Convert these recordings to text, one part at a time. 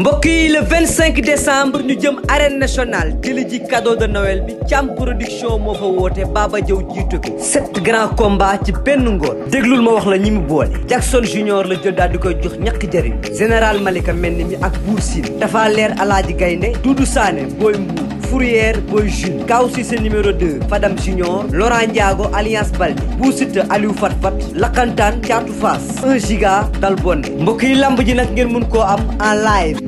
mbokk yi le 25 décembre ñu jëm arène nationale jëli ji cadeau de Noël bi càmm production moo fa woote Baba Jaw jiitu ko sept grands combats ci benn ngoon déglul ma wax la ñi mu boole Jackson Junior la jël daal di koy jox ñàkk jëriñ général Malika mel ni mi ak Buur dafa leer Alaaji Gaynde Dudu Saane booy mbuur Fourière Boy Jules Kaw Cissé numéro 2 Fadam Junior Laurent Ndiago Alliance Balde Boussite Aliou Fatfat Lakantaan Caatu Faas 1 giga dal bonde mbokk yi lamb ji nag ngeen mun koo am en live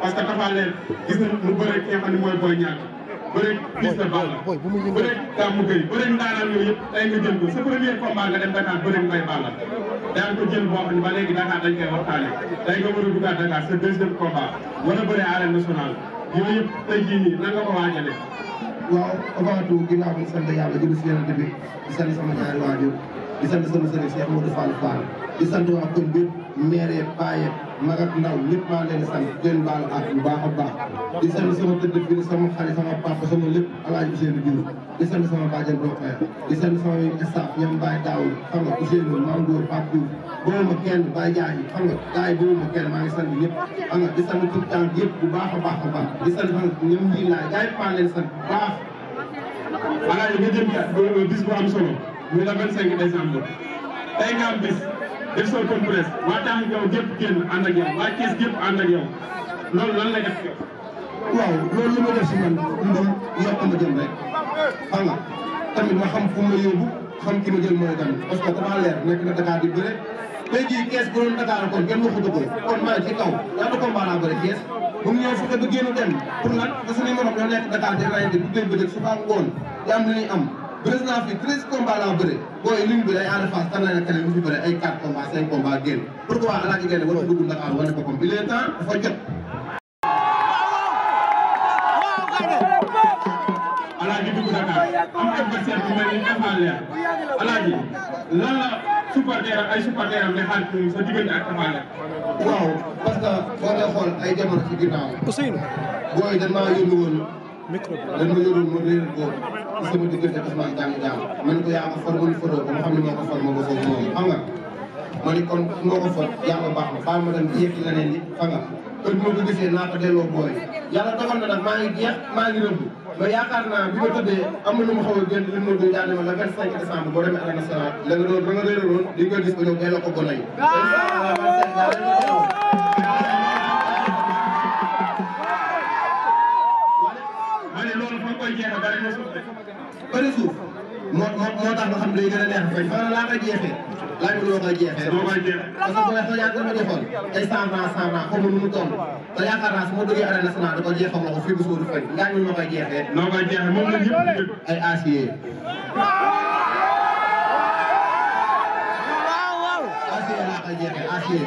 parce que Tafaleel gis nañu mu bëreeg ki nga mooy Boy Niang bëreeg Fils de Balla bëreeg Gamou Gueye bëreeg ndaanaan yooyu yëpp tey nga jël ko sa dem Dakar bëreeg Mbaye Balla daan ko jël boo xam ne ba léegi Dakar dañ koy waxtaane tey nga war a duggaat Dakar sa deuxième combat war a bëre arène nationale yooyu jii nii nan nga ko waajalee waaw avant tout ginnaaw bi sant yàlla jël si yeneen di sant sama ñaari waajur di sant sama sëriñ Cheikh Modou Fall Fall di sant waa koñ bi maire paye mag ak ndaw ñëpp maa leen sant di leen baal ak bu baax a baax di sant sama tëdd bi sama xarit sama papa sama lépp alaaji Ousseynou Diouf di sant sama bàjjen Rokhaya di sant sama staff ñoom Baye Daaw xam nga Ousseynou Mame Ndour Pape Diouf boobu ma kenn Baye Diagne xam nga gars yi boobu ma kenn maa ngi sant ñëpp xam nga di sant tout temps yëpp bu baax a baax a baax di sant ñoom ñii laa gars yi maa leen sant bu baax alaaji nga jëm bis bu am solo muy le 25 décembre tey nga am bis def sa open presse waa tax yow gépp génn ànd ak yow waa Thiès gépp ànd ak yow loolu la lay def waaw loolu li ma def si man ndam yokk ma jëm parce que damaa leer nekk na Dakar di bëre tey jii kees bu doon Dakar kon kenn waxutu ko kon maa ngi ci kaw ñaata combat laa bëri kees bu mu ñëw fexe ba génn dem pour lan parce que suñu morom ñoo nekk Dakar di rayante bu dee bëccëg su fa ngoon di am li ñuy am président fi treize combats laa bëre booy ligne bi day Ada Fass na keneen mu fi bëre ay quatre combats cinq combats génn pourquoi a dugg Ndakaaru wane ko bu mel ni Tapha Leer Alaaji ay supporter am di xaar sa diggante ak Tapha Leer. waaw parce que boo dee xool ay jamono ci ginnaaw. Ousseynou. booy dañ maa yónni woon. micro bi dañ ma sama diggante Ousmane Jàng Jàng ma ne ko yaa ko for ma ne foroo ma xam ne moo ma ko ma ne for yaa ko baax ma baal ma dem yëkki leneen li xam nga kon ma ko gisee naa ko delloo booy yàlla dogal na nag maa maa ngi rëbb mais yaakaar naa bi ma tëddee am na lu ma xaw a génn li ma doon daane ma le 25 décembre boo demee Arène Nationale la nga doon la nga doon di nga gis ba ñëw delloo ko gone yi bëri suuf moo moo tax nga xam day gën a neex bañ fa laa koy jeexee laa ñu doo koy jeexee parce que booy xool yaa gën a nu mu toll te yaakaar naa su ma duggee arène nationale da koy jeexam bu suuf du fañ ñu noo koy jeexee noo koy jeexee moom la ñëpp ay acier waaw waaw acier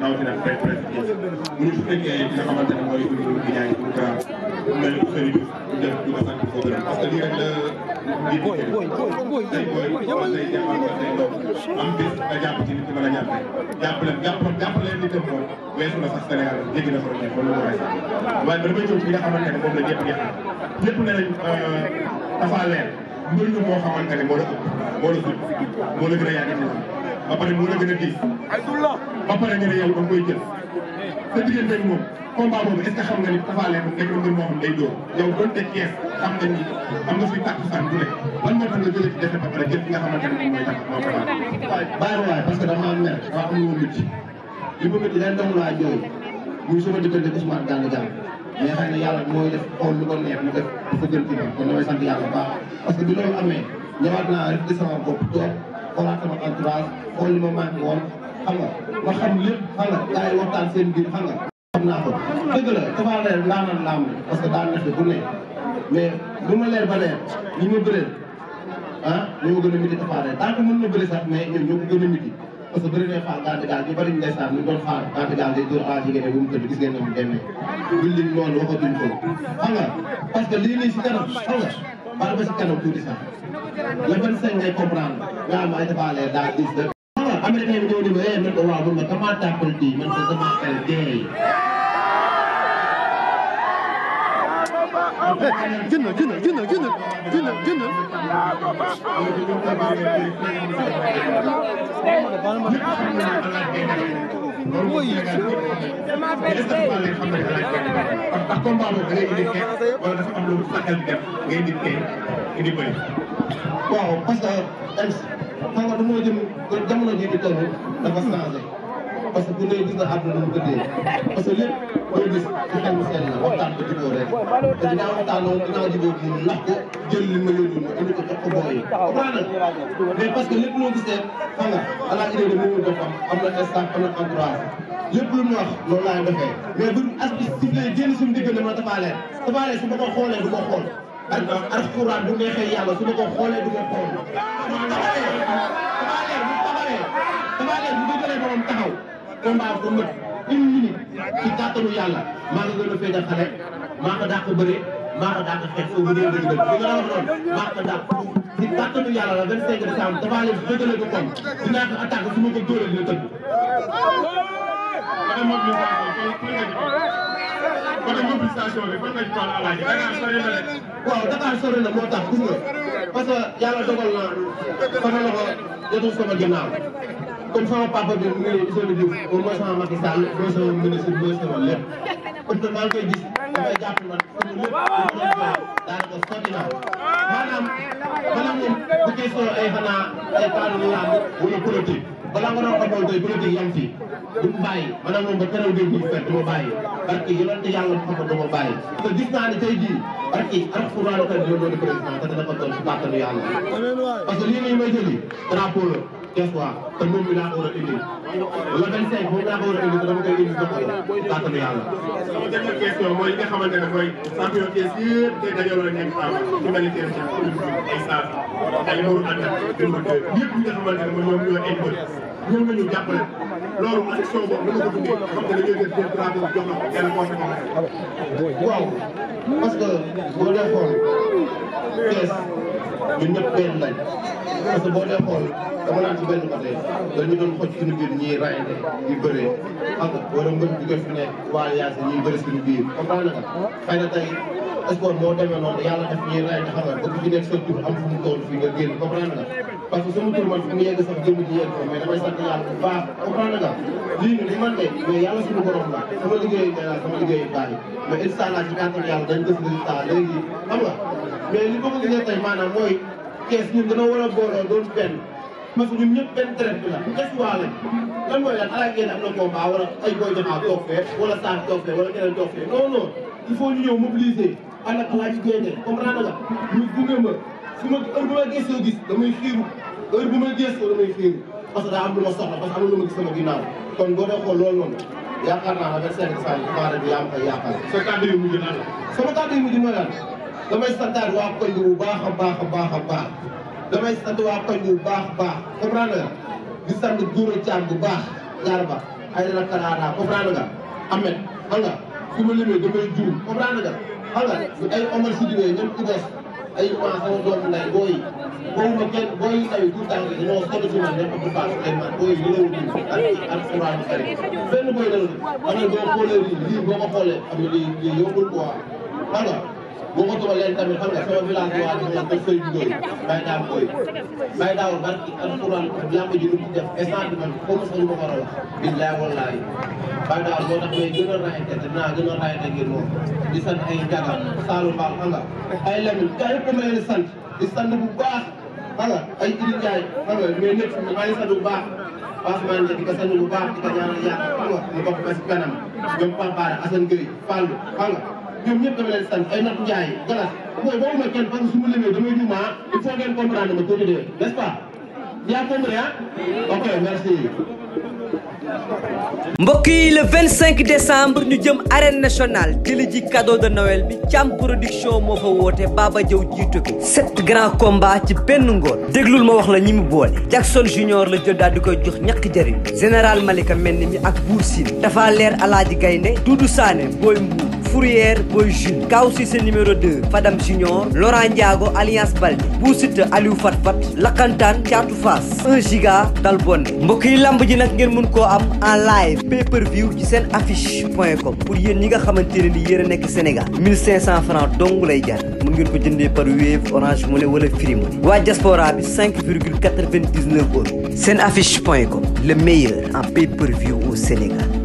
rawatina ak benn benn kii bu ñu tuddee nga xamante ne mooy Doudou Ndiaye pour que mu mel ni xëy na def du ko sant ko gërëm parce que lii rek la nit ñi koy tey booy xool day jàppal wala day doom am bés nga jàpp ci nit ñi mën a jàppale jàppale jàpp jàppale nit ñi moom weesu na sax Sénégal jéggi na ko rek wala mu rëcc waaye dama ñëw ci li nga xamante ne moom la ñëpp di xaar ñëpp ne nañ dafa euh, leer mbir mi moo xamante ne moo la ëpp moo la sut moo la gën a yàgg ba pare moo la gën a diis ba pare nga ne yow da nga koy jël sa digganteeg moom combat boobu est ce que xam nga ni Tapha Leer moom nekk na mbir moo xam day dóor yow donte kees xam nga ni am nga fi takkusaan bu nekk ban moo tax nga jóge ci defe ba pare jël ki nga xamante ne moom mooy takk moo ko waaye bàyyi waaye parce que dama mer waa am lu ma métti li ma métti leen dama laa jooy muy sama diggante Ousmane Gana Diagne mais xëy na yàlla mooy def xool lu ko neex mu def du ko jël ci ñoom kon damay sant yàlla baax parce que bi loolu amee ñëwaat naa rek di sama bopp toog xoolaat sama entourage xool li ma manqué woon xam nga ma xam lépp xam nga gars yi waxtaan seen biir naa ko dëgg la Tapha Leer ndaanaan laam parce que daan na fi bu ne mais lu ma leer ba leer ñi ma bëreel ah ñoo gën a miti gën a miti parce que bëri na faal gàtt gaal ñu bëri ñu lay saar ñu doon faal gàtt gaal day bu mu tëdd gis ngeen ne mu demee buñ lim noonu nga parce que lii nii si kanam xam nga baal ba si kanam tuuti sax le 25 nga am ay Leer daal gis américain bi ñëw di ma eh man ko waaw man ma damaa tàppal di man ko damaa xel dee. jënd jënd jënd jënd jënd jënd. kon tax combat boobu da ngay indi kee wala dafa am lu sa xel def ngay indi kee indi bëri. waaw parce que euh, xam nga du moo jëm jamono ji di toll dafa changé parce que bu dee gis nga àdduna mu gëddee parce que lépp doo gis ci xel mu seen la waxtaan ko jubóo rek te dinaa jël li ma yónni ma indi ko jox ko booy yi mais parce que lépp loo gisee xam nga alaaj idée de moomu am na instant am na lépp mu wax loolu laay defee mais bu as bi siflee génn suñu diggante ma Tapha Leer Tapha Leer su ma ko xoolee du ko xool parce que alxuraan bu neexee yàlla su ma ko xoolee du ma xool. Tapha Leer bu taxawee Tapha mët une minute yàlla maa ngi gën a féete xale maa ko dàq bëre maa ko dàq xeex foofu dee bëri bëri li nga wax maa ko dàq ci kàttanu yàlla la 25 décembre Tapha Leer bu jëlee ko kon dinaa ko attaqué su ma ko dóoree dina tëdd. côté mobilisation bi fan nga ci toll Alaaji Dakar sori na de. waaw Dakar sori na moo tax gis nga parce que yàlla dogal na sama loxo jotul sama ginnaaw comme sama papa bi mu ngi Ousseynou Diouf au moins sama Macky Sall mooy sama ministre mooy sama lépp kon nag maa ngi koy gis dafay jàpp man sama lépp daanaka sotti naa maanaam maanaam moom bu question ay xanaa ay parmi wala politique balaa nga doon xamoon tey politique yaa ngi fii du ma bàyyi ma ne moom ba keroog day gudd fët du ma bàyyi parce que yonent yàlla Muhammad du ma bàyyi. parce que gis naa ne tey jii parce que alxuraan kan bi doon président te dina ko doon si kàttanu yàlla. parce que lii nii may jëli drapeau la des fois te moom mi daa ko war a indi. le 25 moom daa ko war a indi te dama koy indi jox ko si kàttanu yàlla. sama dernière question mooy li nga xamante ne mooy champion Thiès yëpp tey dañoo war a nekk Saalum ci mel ni Thiès ay Saal ay Nour Anta ñëpp ñi nga xamante ne mooy ñoom ñoo ay mbër ñoom la ñu jàppale loolu action boobu dama ko dundee xam nga dañuy def des drapeaux jox na ko kenn moo parce que boo dee xool dama naan ci benn côté dañu doon xoj suñu biir ñiy rayante ñi bëree xam nga wala mbër bi suñu biir comprendre nga xëy na tey sport moo demee noonu nga bëgg ci nekk sa tur am fu mu toll fii nga génn comprendre nga parce que sama tur man fi mu yegg sax jëmm ji yegg ko mais damay sant yàlla bu baax comprendre nga lii ni man de mais yàlla suñu borom la sama liggéey day sama mais instant là ci kàttan yàlla dañ gis résultat léegi xam nga mais li ma ko gisee tey maanaam mooy kees ñun dañoo war a booloo doon benn parce que ñun benn traite bi la bu des waa lañ lan mooy lan ala ngeen am na combat wala ay booy jamaa toog fee wala saan toog fee wala keneen toog fee non non il faut ñu ñëw mobiliser ànd ak laaj génne comprendre nga ñu gunge ma su ma gis damay xiiru heure bu ma gëstoo damay xiiru parce que daa am lu ma soxla parce am lu ma gis sama ginnaaw kon boo dee saa yi faara bi yaa ma koy yaakaar. sa kàddu yu damay santaat waa koñ bu baax a baax a baax a baax damay sant waa koñ bu baax a baax comprendre nga di sant Dóor Thiam bu baax jaar ba ay rakalaana comprendre nga Ahmed xam nga su ma limee damay juum comprendre nga xam nga ay Omar Sidibé ñoom ci des ay waa sama doomu ndey booy boobu ma kenn booy yi tamit tout temps ay man booy yi ñu ngi wut ak ak Alxuraan kari booy dana am boo xoolee lii boo ko xoolee am na lii lii yombul quoi xam nga bu ma joxoon leen tamit xam nga sama village bi waa ne ma koy Seydou Ndoye Baye Daaw Boy Baye Daaw barki alquran lamb ji lu mu def instant bi man comme sax ñu ma ko war a wax. billaay wallaay Baye Daaw moo tax may gën a raayante dinaa gën a raayante ngir moom di sant ay Ndiaga Saalum Ba xam nga ay Lamine kay ku ma leen sant di sant bu baax xam nga ay Idil Ndiaye xam nga mais lépp maa ngi sant bu baax. Ousmane Ndiaye di ko sant bu baax di ko ñaanal yàlla xam nga mu bokk ba si kanam ñoom Pape Bara Assane Gueye Fallou xam nga. ñoom ñëpp dama leen sant ay mbokk yi le 25 ñu jëm arène nationale jëli ji cadeau de Noël bi Thiam production moo fa woote Baba Diaw jiitu ko sept grands combats ci benn ngoon déglul ma wax la ñi mu boole Jackson Junior la jël daal di koy jox ñàkk jariñ général Malika mel ni mi ak Buur Sine dafa leer Alaaji Gaynde Dudu Saane booy mbuur Fourrière Boy June Kaw Cissé numéro 2 Fadam Junior Laurent Ndiago Alliance Baldé Bou Siteu Aliou Fat Fat Lakantaan Thiatou Fass 1 giga dal bonne mbokk yi lamb ji nag ngeen mun koo am en live pay per view ci seen affiche point pour yéen ñi nga xamante ne ni yéen a nekk Sénégal 1500 francs dong lay jar mun ngeen ko jëndee par Wave Orange Money wala Free Money waa diaspora bi 5 seen affiche point com le meilleur en pay view au Sénégal